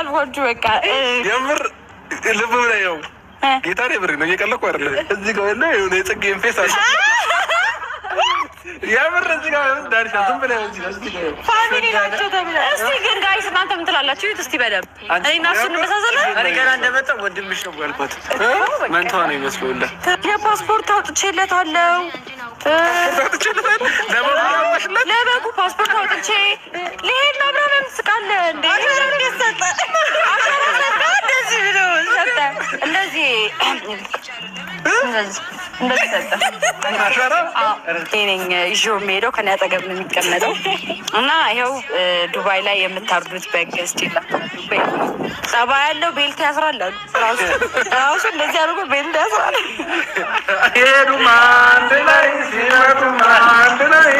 ይሻል ሆዱ በቃ የምር ልብ ብለህ ጌታ ነው ነው እየቀለኩ አይደለ እዚህ ጋር ያለ የሆነ የጽጌን ፌስ አለ የምር እዚህ ጋር ያለ ዳርሻ ዝም ብለህ ፋሚሊ ናቸው እስቲ ግን ጋይስ እናንተ ምን ትላላችሁ? እስቲ እኔ እና እሱ እኔ ገና እንደመጣ ወንድምሽ ነው ያልኳት መንታ ነው ይመስለውላ የፓስፖርት አውጥቼለታለሁ ለበጉ ፓስፖርት አውጥቼ ልሄድ ነው ብለህ ለምን ትስቃለህ? እንደዚህ ይዤው የሚሄደው ከኔ አጠገብ ነው የሚቀመጠው እና ይኸው ዱባይ ላይ የምታርዱት በግ ፀባ ያለው ቤልት ያስራል አሉ። ራሱ እንደዚህ አድርጎ ቤልት ያስራል። ሄዱም አንድ ላይ ሲመቱም አንድ ላይ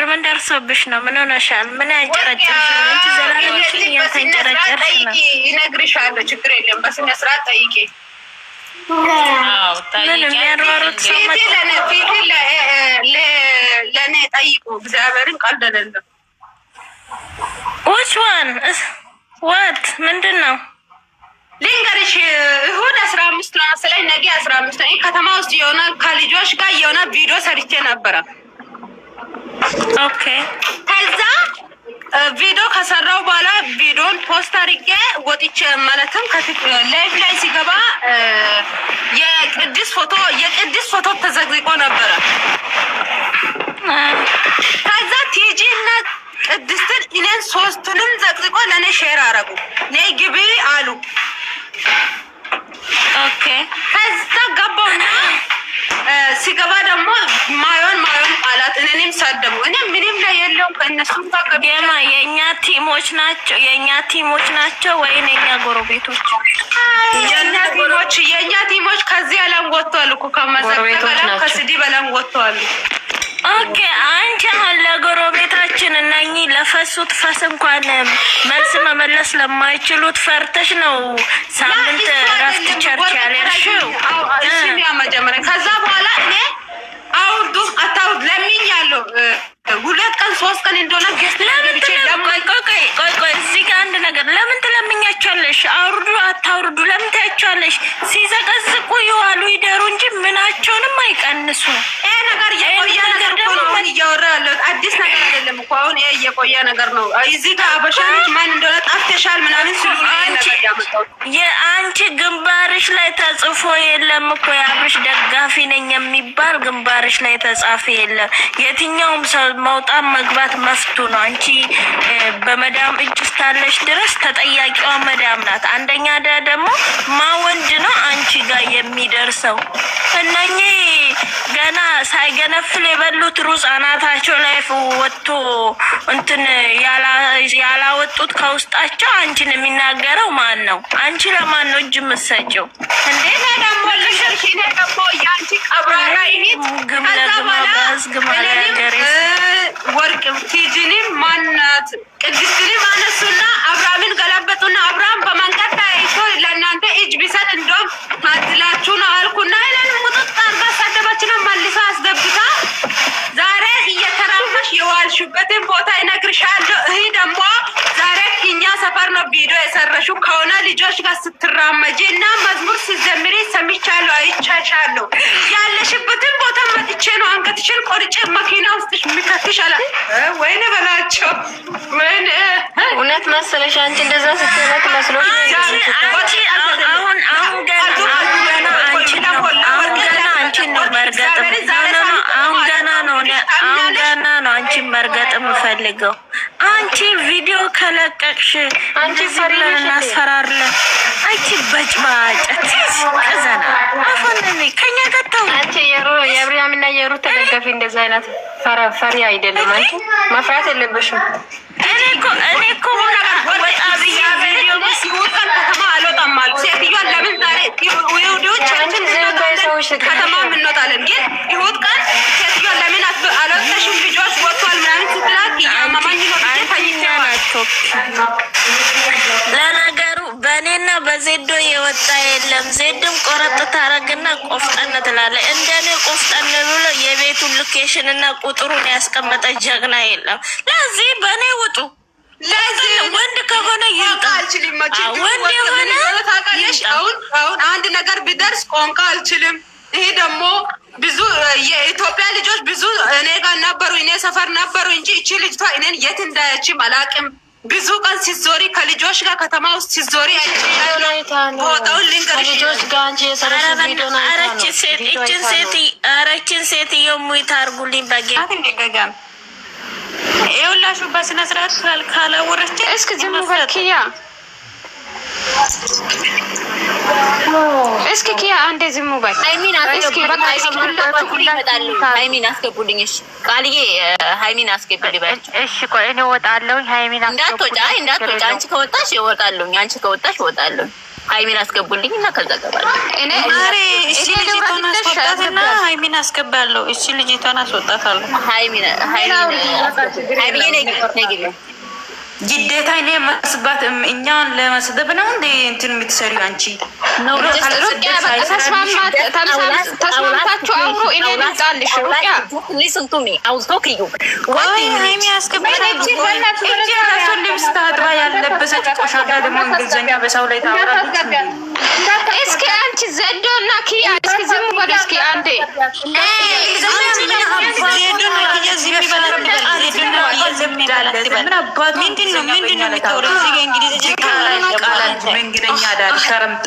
ፍቅር ምን ደርሶብሽ ነው? ምን ሆነሻል? ምን ያንጨረጨርሽ ነው? አንቺ ዘላለምሽን ነው። ይነግርሻለሁ። ችግር የለም። በስነ ስርዓት ጠይቄ ለእኔ ጠይቁ። እግዚአብሔርን ቀልድ አይደለም። ዋን ወት ምንድን ነው ልንገርሽ እሁድ አስራ አምስት ነው መሰለኝ ነገ አስራ አምስት ነው ከተማ ውስጥ የሆነ ከልጆች ጋር የሆነ ቪዲዮ ሰርቼ ነበረ። ኦኬ። ከዛ ቪዲዮ ከሰራው በኋላ ቪዲዮን ፖስት አድርጌ ወጥቼ ማለትም ላይቭ ላይ ሲገባ የቅድስ ፎቶ የቅድስ ፎቶ ተዘግዝቆ ነበረ። ከዛ ቲጂ እና ቅድስትን እኔን ሶስቱንም ዘቅዝቆ ለእኔ ሼር አረጉ። ነይ ግቢ አሉ። ኦኬ የለውም። ከእነሱም ጋር የእኛ ቲሞች ናቸው የእኛ ቲሞች ናቸው ወይም የእኛ ጎረቤቶች ቲሞች የእኛ ቲሞች ከዚህ አለም ወጥተዋል እኮ ከመዘገበላ ከስዲ በለም ወጥተዋል። ኦኬ አንቺ አሁን ለጎረቤታችን እነኚህ ለፈሱት ፈስ እንኳን መልስ መመለስ ለማይችሉት ፈርተሽ ነው ሳምንት ረፍት ቸርች ያለሽ? መጀመሪያ ከዛ በኋላ እኔ አውርዱ አታውርድ ለምኝ ያለው ሁለት ቀን ሶስት ቀን እንደሆነ ቆይ ቆይ እዚህ ጋር አንድ ነገር ለምን ትለምኛቸዋለሽ? አውርዱ አታውርዱ ለምን ታያቸዋለሽ? ሲዘቀዝቁ ይዋሉ ይደሩ እንጂ ምናቸውንም አይቀንሱ። ይሄ ነገር የቆየ ነገር ሆኖን እያወራ ያለሁት አዲስ ነገር አይደለም እኮ አሁን ይሄ የቆየ ነገር ነው። እዚህ ጋር አበሻ ልጅ ማን እንደሆነ ጠፍተሻል ምናምን ሲሉ ነገር ያመጣው አንቺ ግንባርሽ ላይ ተጽፎ የለም እኮ የአብርሽ ደጋፊ ነኝ የሚባል ግንባርሽ ላይ ተጻፈ የለም። የትኛውም ሰው መውጣት መግባት መፍቱ ነው። አንቺ በመዳም እጅ እስካለሽ ድረስ ተጠያቂዋ መዳም ናት። አንደኛ ደ ደግሞ ማወንድ ነው አንቺ ጋር የሚደርሰው እነኚህ ገና ሳይገነፍል የበሉት ሩዝ አናታቸው ላይ ወጥቶ እንትን ያላወጡት ከውስጣቸው አንቺን የሚናገረው ማን ነው? አንቺ ለማን ነው እጅ የምትሰጪው እንዴ? ወርቅ ቲጂኒ ማናት ቅድስትንም አነሱና አብርሃምን ገለበጡና አብርሃም በመንቀት ታይቶ ለእናንተ እጅ ቢሰጥ እንደውም ታድላችሁ ነው አልኩና ይለን ሙጥጥ አርጋ ሳደባችን መልሶ አስገብታ ዛሬ እየተራመሽ የዋልሽበትን ቦታ ይነግርሻለሁ ነው ቪዲዮ የሰረሽው ከሆነ ልጆች ጋር ስትራመጂ እና መዝሙር ስትዘምሪ ሰምቻለሁ፣ አይቻቻለሁ። ያለሽበትን ቦታ መጥቼ ነው አንገትሽን ቆርጬ መኪና ውስጥ የሚከትሽ አላ ወይን በላቸው። ወይን እውነት መሰለሽ አንቺ እንደዛ ስትነት መስሎሽ አሁን አሁን ገና አንቺ ነው መርገጥ የምፈልገው አንቺ ቪዲዮ ከለቀቅሽ አንቺ ብለን እናስፈራለን። አንቺ በጭባጭ ቅዘና አፈነኒ ከኛ ገተው የአብርሃም እና የሩ ተደገፊ እንደዚህ አይነት ፈሪ አይደለም። አንቺ መፍራት የለብሽም። እኔ እኮ እኔ እኮ ወጣ ብዬ ቪዲዮ ሲወጣል ከተማ አልወጣም አሉ ሴትዮዋን ለምን ዛሬ ውዲዎቻችን ሰዎች ከተማ እንወጣለን ግን ይሁት ቀን ሴትዮዋን ለምን አልወጣሽም? ልጆች ወጥቷል ምናምን ለነገሩ በእኔና በዜዶ የወጣ የለም። ዜድም ቆረጥ ታረግና ቆፍጠን ትላለ። እንደኔ ቆፍጠን ብሎ የቤቱን ሎኬሽን እና ቁጥሩን ያስቀመጠ ጀግና የለም። ለዚህ በእኔ ውጡ። ወንድ ከሆነ ይውጣ። ወንድ የሆነ አሁን አንድ ነገር ቢደርስ ቆንቃ አልችልም። ይሄ ደግሞ ብዙ የኢትዮጵያ ልጆች ብዙ እኔ ጋር ነበሩ፣ እኔ ሰፈር ነበሩ እንጂ እቺ ልጅቷ እኔን የት እንዳያችም አላቅም። ብዙ ቀን ሲዞሪ ከልጆች ጋር ከተማ ውስጥ ሲዞሪ ቦታውን ልንገርሽአረችን ሴትዮ ሙይታ አርጉልኝ በጌ የሁላሹ በስነስርዓት ካልወረች እስኪ ዝም በልክያ እስኪ ኪያ አንዴ ዝም በል። ሀይሚን አስገቡልኝ። እሺ ቃልዬ ሀይሚን አስገቡልኝ በያቸው። እሺ ቆይ እኔ እወጣለሁኝ። ሀይሚን እንዳትወጪ፣ አይ እንዳትወጪ። አንቺ ከወጣሽ እወጣለሁኝ፣ አንቺ ከወጣሽ እወጣለሁኝ። ሀይሚን አስገቡልኝ እና ከዛ እገባለሁ። እሺ ሀይሚን አስገባለሁ። እሺ ልጅቷን አስወጣታለሁ። ግዴታ እኔ መስባት እኛን ለመስደብ ነው እንዴ እንትን የምትሰሪ አንቺ? ነው ሩቅያ አውሩ። እኔ ልምጣልሽ ሩቅያ አውልቶ ክዩ ልብስ ታጥባ ያለበሰች ቆሻሻ ደግሞ እንግሊዝኛ በሰው እስኪ አንቺ ዘዶ እና ክያ እስኪ ዝም በል እስኪ አንዴ ምንድን ነው ምንድን ነው የሚታወራው? እዚህ እንግሊዝኛ ቃላት መንገደኛ ዳል ከረምጣ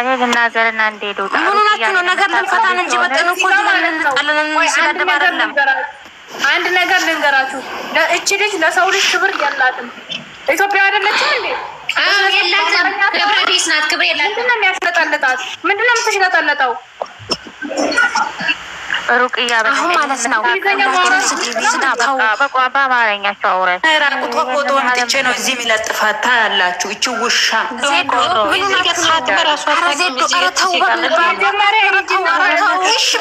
እኔ ልናገር እና እንደ ልውጣ ምኑናችሁ ነው ነገር ልንፈታን እንጂ መጠን እኮ አንድ ነገር ልንገራችሁ። እች ልጅ ለሰው ልጅ ክብር የላትም። ኢትዮጵያ አይደለችም እንዴ? የላትም። ክብረ ቢስ ናት። ክብር የላትም። ምንድነው የሚያስለጠልጣት? ምንድነው የምትሽለጠለጠው? ሩቅ አሁን ማለት ነው አውረ ራቁት በቆጦ ወንትቼ ነው እዚህ የሚለጥፋታ ያላችሁ እቺ ውሻ እሺ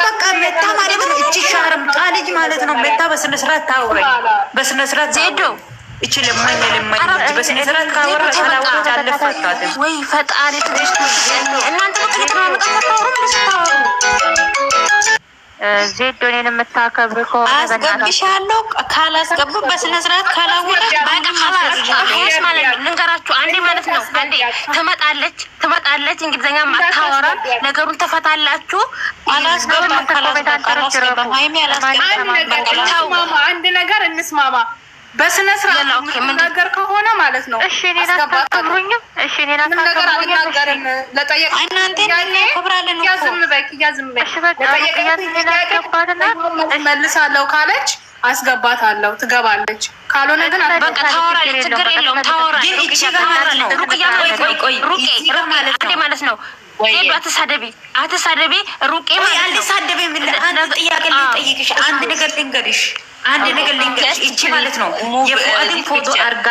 በቃ መታ ማለት ነው። እቺ ሻርምጣ ልጅ ማለት ነው። መታ በስነስርዓት ታውረኝ በስነስርዓት ዜዶ እቺ ልመኝ ልመኝ በስነስርዓት ካወራ ካላወራች አለፋታትም ወይ ፈጣሪ ትሽ እናንተ ምክንያት ነው ምቀመጣ ዜዶን የምታከብር ከሆነ አስገብሻለሁ። ካላስገቡ በስነ ስርዓት ነው። ልንገራችሁ፣ አንዴ ማለት ነው አንዴ ትመጣለች ትመጣለች፣ እንግሊዝኛ ማታወራም ነገሩን ተፈታላችሁ። አንድ ነገር እንስማማ፣ በስነ ስርዓት ነገር ከሆነ ማለት ነው። እሺ እኔን አታከብሩኝም። እሺ እኔን አታከብሩኝም። መልሳለሁ ካለች አስገባታለሁ፣ ትገባለች። ካልሆነ ግን ታወራለች፣ ችግር የለውም። ታወራለች ማለት ነው። ሄዱ አትሳደቢ፣ አትሳደቢ ሩቄ ማለት ነው። አንድ ነገር ልንገርሽ አንድ ነገር ልንገርሽ፣ እቺ ማለት ነው የፉአድን ፎቶ አርጋ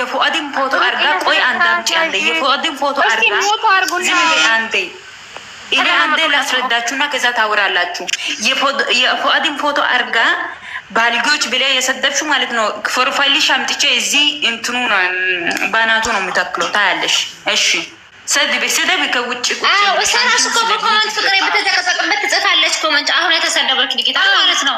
የፉአድን ፎቶ አርጋ ቆይ አንዳምጪ አለ የፉአድን ፎቶ አርጋ ዝም አንዴ፣ እኔ አንዴ ላስረዳችሁና ከዛ ታወራላችሁ። የፉአድን ፎቶ አርጋ ባልጌዎች ብላ የሰደብሽው ማለት ነው። ፕሮፋይልሽ አምጥቼ እዚህ እንትኑ ባናቱ ነው የምታክለው ታያለሽ። እሺ ሰድበሽ ሰደብሽ ከውጭ እራሱ እኮ በኮመንት ፍቅሬ በተዘቀዘቅበት ትጽፋለች። ኮመንት አሁን የተሰደበች ልጅ ማለት ነው።